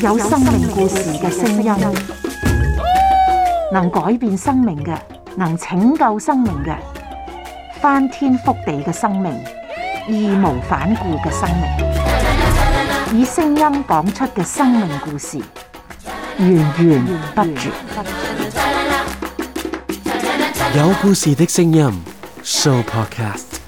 有生命故事嘅聲音，能改變生命嘅，能拯救生命嘅，翻天覆地嘅生命，義無反顧嘅生命，以聲音講出嘅生命故事，源源不絕。有故事嘅聲音，Show Podcast。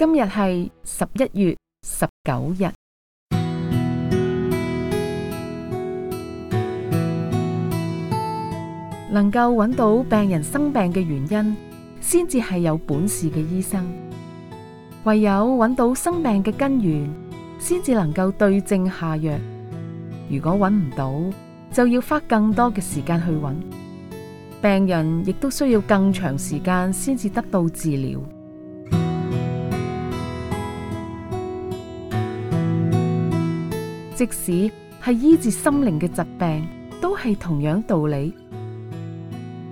今日係十一月十九日。能夠揾到病人生病嘅原因，先至係有本事嘅醫生。唯有揾到生病嘅根源，先至能夠對症下藥。如果揾唔到，就要花更多嘅時間去揾。病人亦都需要更長時間先至得到治療。即使係醫治心靈嘅疾病，都係同樣道理。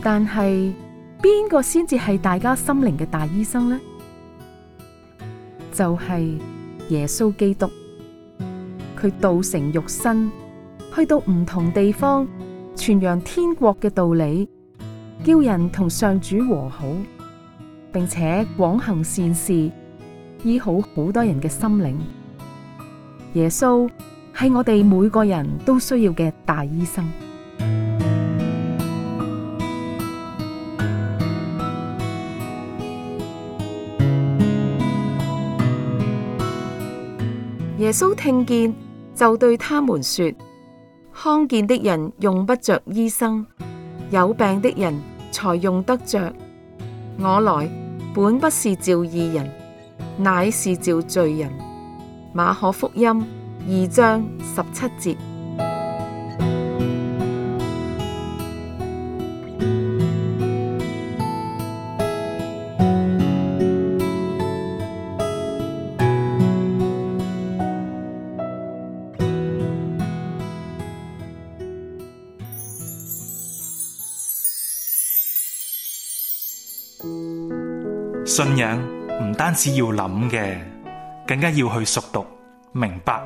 但係邊個先至係大家心靈嘅大醫生呢？就係耶穌基督，佢道成肉身，去到唔同地方，傳揚天國嘅道理，叫人同上主和好，並且廣行善事，醫好好多人嘅心靈。耶穌。係我哋每個人都需要嘅大醫生。耶穌聽見就對他們說：「康健的人用不着醫生，有病的人才用得着。我來，本不是召義人，乃是召罪人。」馬可福音。二章十七節，信仰唔單止要諗嘅，更加要去熟讀明白。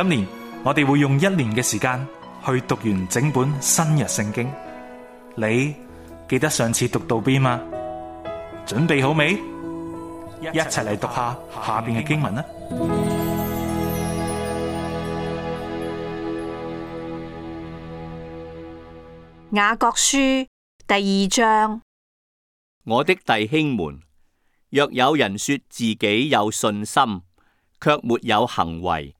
今年我哋會用一年嘅時間去讀完整本新約聖經。你記得上次讀到邊嗎？準備好未？一齊嚟讀下下邊嘅經文啦。雅各書第二章，我的弟兄們，若有人說自己有信心，卻沒有行為，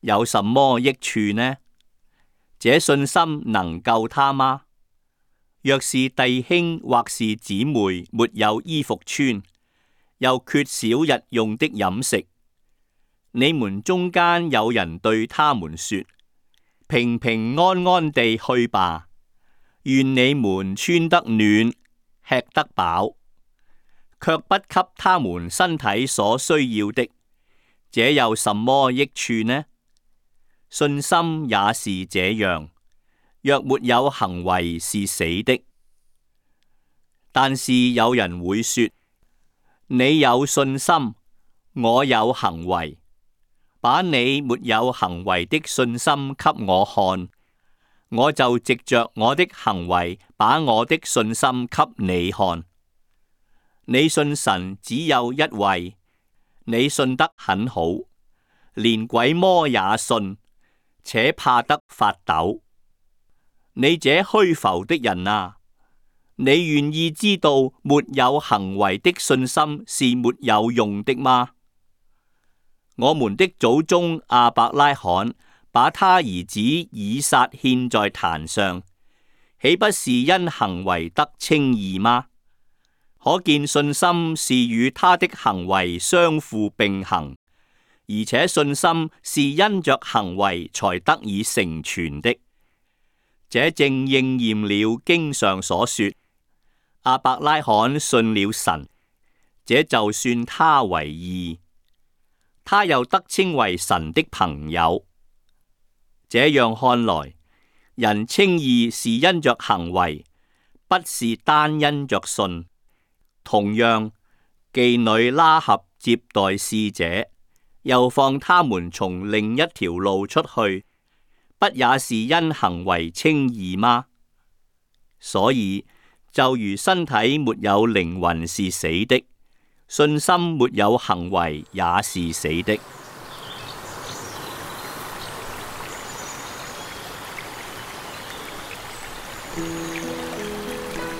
有什麼益處呢？這信心能救他嗎？若是弟兄或是姊妹沒有衣服穿，又缺少日用的飲食，你們中間有人對他們說：平平安安地去吧，願你們穿得暖，吃得飽，卻不給他們身體所需要的，這有什麼益處呢？信心也是這樣，若沒有行為是死的。但是有人會說：你有信心，我有行為，把你沒有行為的信心給我看，我就藉着我的行為把我的信心給你看。你信神只有一位，你信得很好，連鬼魔也信。且怕得發抖，你這虛浮的人啊！你願意知道沒有行為的信心是沒有用的嗎？我們的祖宗亞伯拉罕把他兒子以撒獻在壇上，豈不是因行為得稱義嗎？可見信心是與他的行為相互並行。而且信心是因着行為才得以成全的，這正應驗了經上所說：阿伯拉罕信了神，這就算他為義；他又得稱為神的朋友。這樣看來，人稱義是因着行為，不是單因着信。同樣，妓女拉合接待侍者。又放他們從另一條路出去，不也是因行為稱義嗎？所以就如身體沒有靈魂是死的，信心沒有行為也是死的。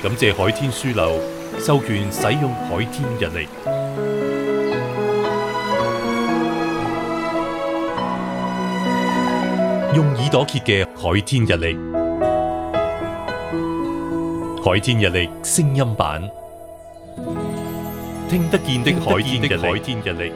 感謝海天書樓授權使用海天日曆。朵鐵嘅《海天日曆》，《海天日曆》聲音版，聽得見的《海天日曆》。